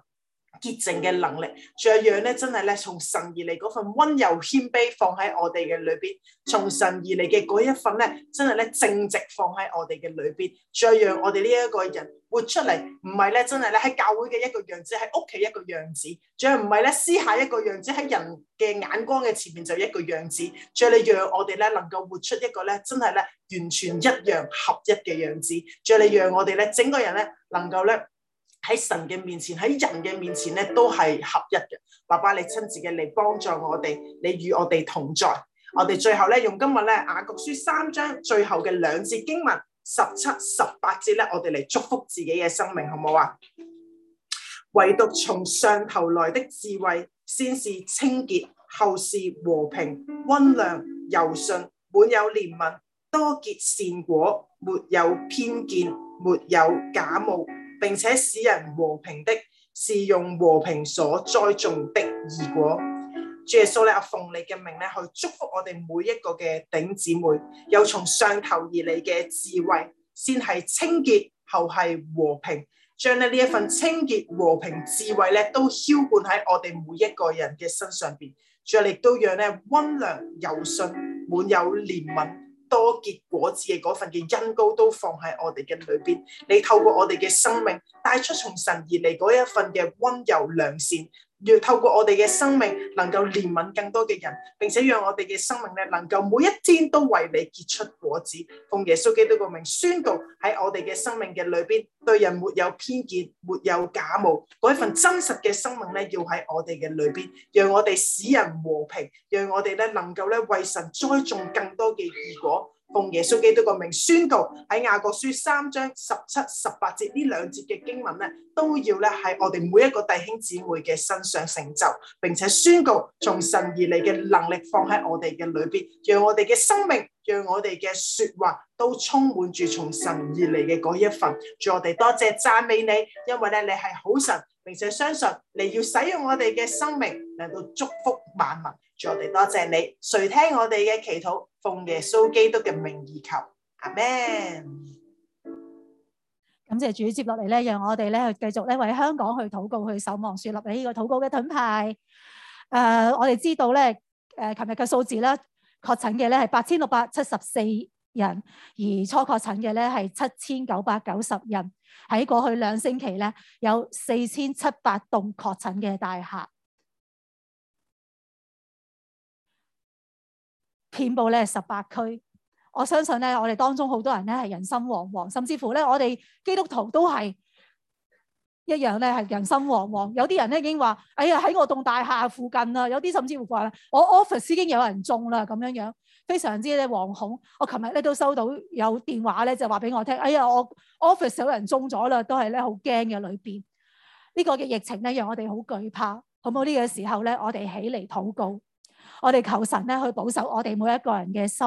潔淨嘅能力，再讓咧真係咧從神而嚟嗰份溫柔謙卑放喺我哋嘅裏邊，從神而嚟嘅嗰一份咧真係咧正直放喺我哋嘅裏邊，再讓我哋呢一個人活出嚟，唔係咧真係咧喺教會嘅一個樣子，喺屋企一個樣子，再唔係咧私下一個樣子，喺人嘅眼光嘅前面就一個樣子，再嚟讓我哋咧能夠活出一個咧真係咧完全一樣合一嘅樣子，再嚟讓我哋咧整個人咧能夠咧。喺神嘅面前，喺人嘅面前咧，都係合一嘅。爸爸，你親自嘅嚟幫助我哋，你與我哋同在。我哋最後咧，用今日咧雅各書三章最後嘅兩節經文十七、十八節咧，我哋嚟祝福自己嘅生命，好唔好啊？唯獨從上頭來的智慧，先是清潔，後是和平，溫良柔順，滿有憐憫，多結善果，沒有偏見，沒有假冒。並且使人和平的是用和平所栽種的義果。主耶穌你阿奉你嘅名咧，去祝福我哋每一個嘅頂姊妹。有從上頭而嚟嘅智慧，先係清潔，後係和平。將咧呢一份清潔、和平、智慧咧，都澆灌喺我哋每一個人嘅身上邊。再亦都讓咧溫良柔順、滿有憐憫，多結果子嘅嗰份嘅恩膏都放喺我哋嘅裏邊，你透過我哋嘅生命帶出從神而嚟嗰一份嘅温柔良善。要透過我哋嘅生命，能夠憐憫更多嘅人，並且讓我哋嘅生命咧，能夠每一天都為你結出果子，奉耶穌基督嘅名宣告喺我哋嘅生命嘅裏邊，對人沒有偏見，沒有假冒，嗰一份真實嘅生命咧，要喺我哋嘅裏邊，讓我哋使人和平，讓我哋咧能夠咧為神栽種更多嘅義果。奉耶穌基督嘅名宣告喺雅各書三章十七、十八節呢兩節嘅經文咧，都要咧喺我哋每一個弟兄姊妹嘅身上成就，並且宣告從神而嚟嘅能力放喺我哋嘅裏邊，讓我哋嘅生命，讓我哋嘅說話都充滿住從神而嚟嘅嗰一份。祝我哋多謝讚美你，因為咧你係好神，並且相信你要使用我哋嘅生命嚟到祝福萬民。我哋多謝你，垂聽我哋嘅祈禱，奉耶穌基督嘅名義求，阿門。感謝主接落嚟咧，讓我哋咧繼續咧為香港去禱告，去守望，樹立起呢個禱告嘅盾牌。誒、呃，我哋知道咧，誒、呃，琴日嘅數字咧，確診嘅咧係八千六百七十四人，而初確診嘅咧係七千九百九十人。喺過去兩星期咧，有四千七百棟確診嘅大廈，遍布咧十八區，我相信咧，我哋當中好多人咧係人心惶惶，甚至乎咧，我哋基督徒都係一樣咧係人心惶惶。有啲人咧已經話：哎呀，喺我棟大廈附近啦，有啲甚至乎話：我 office 已經有人中啦，咁樣樣，非常之咧惶恐。我琴日咧都收到有電話咧就話俾我聽：哎呀，我 office 有人中咗啦，都係咧好驚嘅裏邊。呢個嘅疫情咧讓我哋好懼怕，好冇呢個時候咧，我哋起嚟禱告。我哋求神咧去保守我哋每一個人嘅心，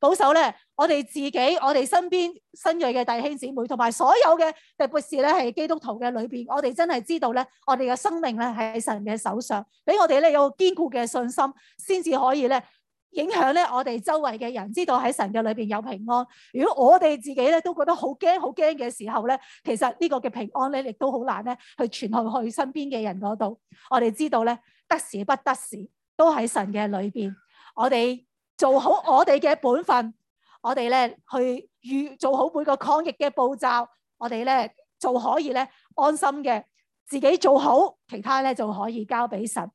保守咧我哋自己，我哋身邊新約嘅弟兄姊妹，同埋所有嘅特別是咧係基督徒嘅裏邊，我哋真係知道咧，我哋嘅生命咧係喺神嘅手上，俾我哋咧有堅固嘅信心，先至可以咧影響咧我哋周圍嘅人，知道喺神嘅裏邊有平安。如果我哋自己咧都覺得好驚、好驚嘅時候咧，其實呢個嘅平安咧亦都好難咧去傳去去身邊嘅人嗰度。我哋知道咧得時不得時。都喺神嘅裏邊，我哋做好我哋嘅本分，我哋咧去預做好每個抗疫嘅步驟，我哋咧就可以咧安心嘅自己做好，其他咧就可以交俾神。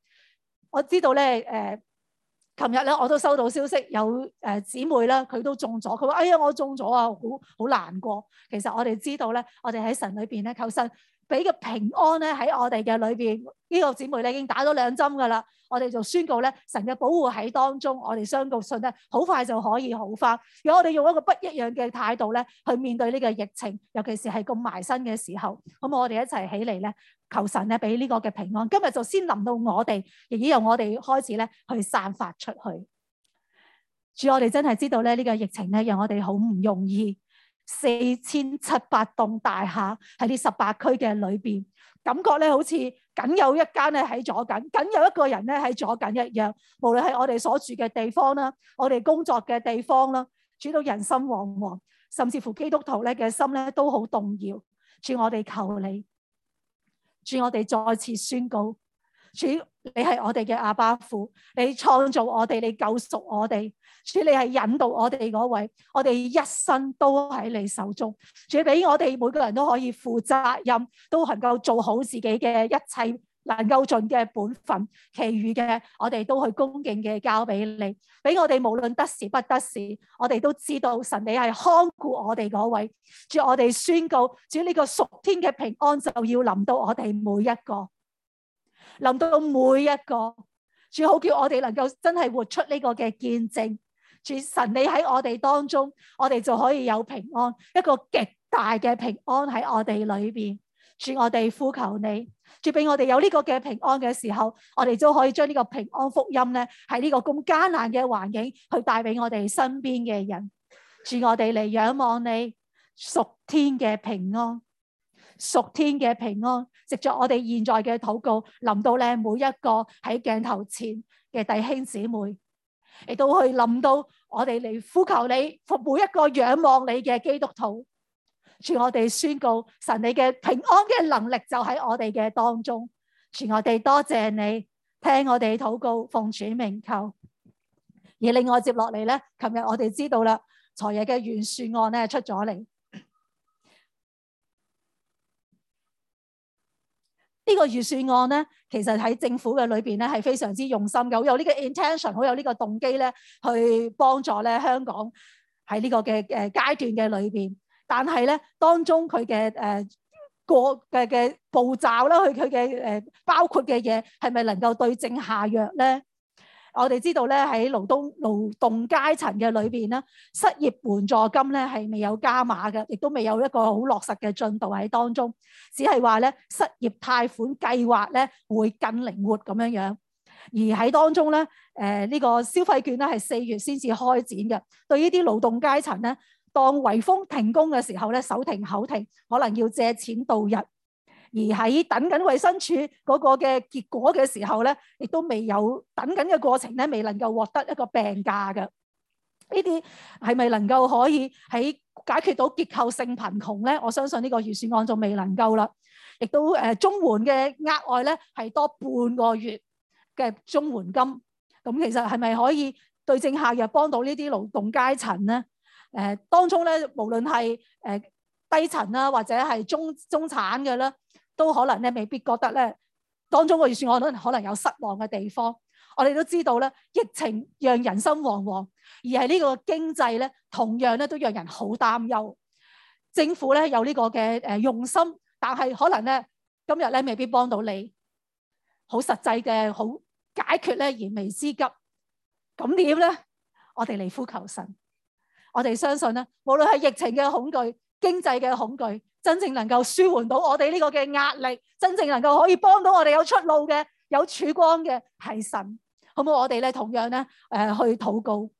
我知道咧，誒、呃，琴日咧我都收到消息，有誒姊、呃、妹啦，佢都中咗，佢話，哎呀，我中咗啊，好好難過。其實我哋知道咧，我哋喺神裏邊咧求神。俾個平安咧喺我哋嘅裏邊，呢個姊妹你已經打咗兩針噶啦，我哋就宣告咧神嘅保護喺當中，我哋相告信咧好快就可以好翻。如果我哋用一個不一樣嘅態度咧去面對呢個疫情，尤其是係咁埋身嘅時候，咁我哋一齊起嚟咧求神咧俾呢個嘅平安。今日就先臨到我哋，亦而由我哋開始咧去散發出去。主，我哋真係知道咧呢個疫情咧讓我哋好唔容易。四千七百棟大廈喺呢十八區嘅裏邊，感覺咧好似僅有一間咧喺左近，僅有一個人咧喺左近一樣。無論係我哋所住嘅地方啦，我哋工作嘅地方啦，主到人心惶惶，甚至乎基督徒咧嘅心咧都好動搖。主我哋求你，主我哋再次宣告。主，你係我哋嘅阿爸父，你創造我哋，你救贖我哋，主你係引導我哋嗰位，我哋一生都喺你手中。主，俾我哋每個人都可以負責任，都能夠做好自己嘅一切，能夠盡嘅本分，其餘嘅我哋都去恭敬嘅交俾你，俾我哋無論得時不得時，我哋都知道神你係看顧我哋嗰位。主我哋宣告，主呢個屬天嘅平安就要臨到我哋每一個。臨到每一個，主好叫我哋能夠真係活出呢個嘅見證。主神，你喺我哋當中，我哋就可以有平安，一個極大嘅平安喺我哋裏邊。主，我哋呼求你，主俾我哋有呢個嘅平安嘅時候，我哋都可以將呢個平安福音咧，喺呢個咁艱難嘅環境去帶俾我哋身邊嘅人。主，我哋嚟仰望你屬天嘅平安。屬天嘅平安，藉着我哋現在嘅禱告，臨到咧每一個喺鏡頭前嘅弟兄姊妹，亦都去臨到我哋嚟呼求你，每一個仰望你嘅基督徒，全我哋宣告神你嘅平安嘅能力就喺我哋嘅當中，全我哋多謝你聽我哋禱告，奉主名求。而另外接落嚟咧，琴日我哋知道啦，財爺嘅預算案咧出咗嚟。呢個預算案咧，其實喺政府嘅裏邊咧，係非常之用心嘅，好有呢個 intention，好有呢個動機咧，去幫助咧香港喺呢個嘅誒階段嘅裏邊。但係咧，當中佢嘅誒過嘅嘅步驟啦，佢佢嘅誒包括嘅嘢，係咪能夠對症下藥咧？我哋知道咧，喺勞動勞動階層嘅裏邊咧，失業援助金咧係未有加碼嘅，亦都未有一個好落實嘅進度喺當中，只係話咧失業貸款計劃咧會更靈活咁樣樣，而喺當中咧，誒、呃、呢、呢個消費券咧係四月先至開展嘅，對於啲勞動階層咧，當颶風停工嘅時候咧，手停口停，可能要借錢度日。而喺等緊衞生署嗰個嘅結果嘅時候咧，亦都未有等緊嘅過程咧，未能夠獲得一個病假嘅。呢啲係咪能夠可以喺解決到結構性貧窮咧？我相信呢個預算案仲未能夠啦。亦都誒、呃、綜援嘅額外咧，係多半個月嘅綜援金。咁、嗯、其實係咪可以對症下藥幫到呢啲勞動階層咧？誒、呃、當中咧，無論係誒。呃低層啦，或者係中中產嘅啦，都可能咧，未必覺得咧，當中個預算案，都可能有失望嘅地方。我哋都知道咧，疫情讓人心惶惶，而係呢個經濟咧，同樣咧都讓人好擔憂。政府咧有呢個嘅誒用心，但係可能咧今日咧未必幫到你，好實際嘅好解決咧燃眉之急。咁點咧？我哋嚟呼求神，我哋相信咧，無論係疫情嘅恐懼，經濟嘅恐懼，真正能夠舒緩到我哋呢個嘅壓力，真正能夠可以幫到我哋有出路嘅，有曙光嘅係神，好唔好？我哋咧同樣咧，誒去禱告，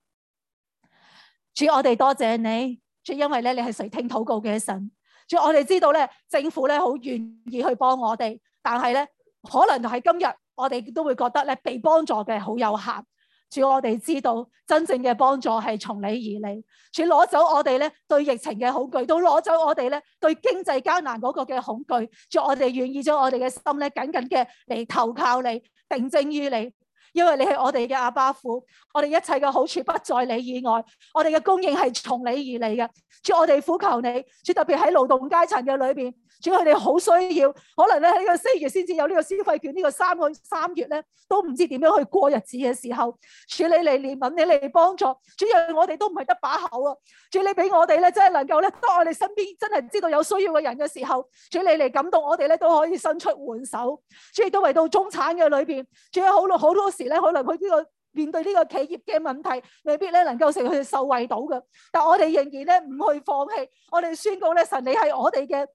主我哋多謝你，主因為咧你係垂聽禱告嘅神，主我哋知道咧政府咧好願意去幫我哋，但係咧可能喺今日我哋都會覺得咧被幫助嘅好有限。主，我哋知道真正嘅幫助係從你而嚟。主攞走我哋咧對疫情嘅恐懼，都攞走我哋咧對經濟艱難嗰個嘅恐懼。主，我哋願意將我哋嘅心咧緊緊嘅嚟投靠你，定睛於你，因為你係我哋嘅阿爸父。我哋一切嘅好處不在你以外，我哋嘅供應係從你而嚟嘅。主，我哋苦求你。主，特別，特別喺勞動階層嘅裏邊。主要佢哋好需要，可能咧喺呢個四月先至有呢個消費券，呢、這個三個三月咧都唔知點樣去過日子嘅時候，處理你、憐憫你嚟幫助。主要我哋都唔係得把口啊，主你俾我哋咧，真係能夠咧，當我哋身邊真係知道有需要嘅人嘅時候，主你嚟感動我哋咧，都可以伸出援手。主要都為到中產嘅裏邊，主要好多好多時咧，可能佢呢、這個面對呢個企業嘅問題，未必咧能夠成佢哋受惠到嘅。但我哋仍然咧唔去放棄，我哋宣告咧，神你係我哋嘅。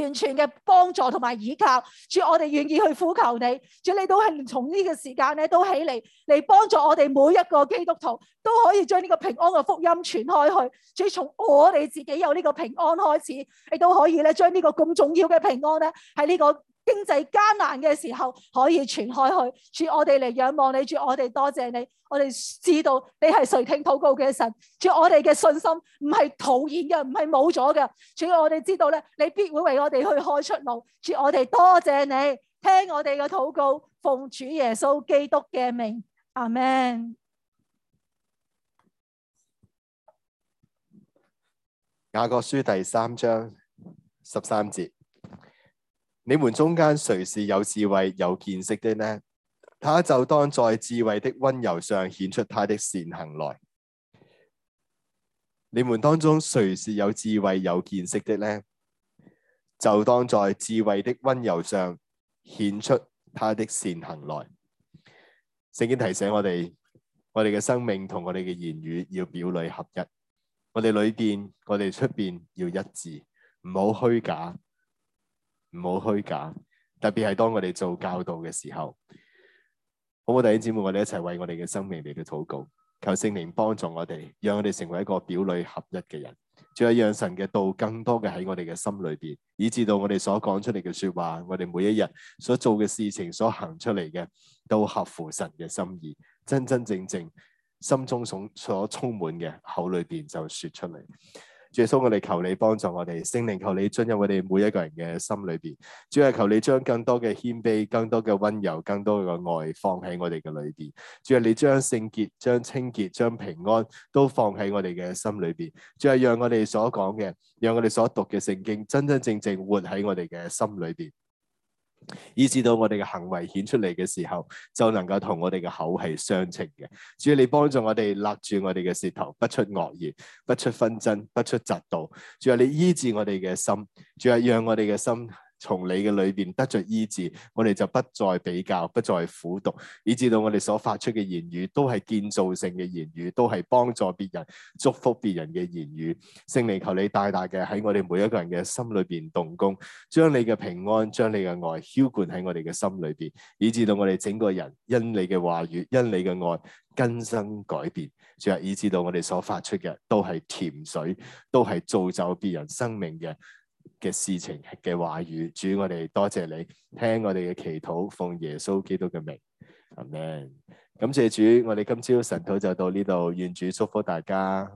完全嘅幫助同埋倚靠，主我哋願意去呼求你，主你都係從呢個時間咧都起嚟嚟幫助我哋每一個基督徒都可以將呢個平安嘅福音傳開去。主從我哋自己有呢個平安開始，你都可以咧將呢將這個咁重要嘅平安咧喺呢、這個。經濟艱難嘅時候，可以傳開去。主我哋嚟仰望你，主我哋多謝你。我哋知道你係垂聽禱告嘅神。主我哋嘅信心唔係徒然嘅，唔係冇咗嘅。主要我哋知道咧，你必會為我哋去開出路。主我哋多謝你，聽我哋嘅禱告，奉主耶穌基督嘅名。阿門。雅各書第三章十三節。你們中間誰是有智慧有見識的呢？他就當在智慧的溫柔上顯出他的善行來。你們當中誰是有智慧有見識的呢？就當在智慧的溫柔上顯出他的善行來。聖經提醒我哋，我哋嘅生命同我哋嘅言語要表裏合一。我哋裏邊，我哋出邊要一致，唔好虛假。唔好虛假，特別係當我哋做教導嘅時候，好唔好？弟兄姊妹，我哋一齊為我哋嘅生命嚟到禱告，求聖靈幫助我哋，讓我哋成為一個表裏合一嘅人，仲有讓神嘅道更多嘅喺我哋嘅心裏邊，以致到我哋所講出嚟嘅說話，我哋每一日所做嘅事情，所行出嚟嘅都合乎神嘅心意，真真正正心中充所，所充滿嘅，口裏邊就說出嚟。主耶穌，我哋求你幫助我哋聖靈，求你進入我哋每一個人嘅心裏邊。主啊，求你將更多嘅謙卑、更多嘅溫柔、更多嘅愛放喺我哋嘅裏邊。主啊，你將聖潔、將清潔、將平安都放喺我哋嘅心裏邊。主啊，讓我哋所講嘅，讓我哋所讀嘅聖經真真正正活喺我哋嘅心裏邊。以至到我哋嘅行為顯出嚟嘅時候，就能夠同我哋嘅口係相稱嘅。主啊，你幫助我哋勒住我哋嘅舌頭，不出惡言，不出紛爭，不出嫉妒。主啊，你醫治我哋嘅心，主啊，讓我哋嘅心。從你嘅裏邊得着醫治，我哋就不再比較，不再苦讀，以致到我哋所發出嘅言語都係建造性嘅言語，都係幫助別人、祝福別人嘅言語。聖靈求你大大嘅喺我哋每一個人嘅心裏邊動工，將你嘅平安、將你嘅愛澆灌喺我哋嘅心裏邊，以致到我哋整個人因你嘅話語、因你嘅愛更新改變。最後，以致到我哋所發出嘅都係甜水，都係造就別人生命嘅嘅事情嘅話語，主，我哋多謝，謝你聽我哋嘅祈禱，奉耶穌基督嘅名，阿們。感謝主，我哋今朝神討就到呢度，願主祝福大家。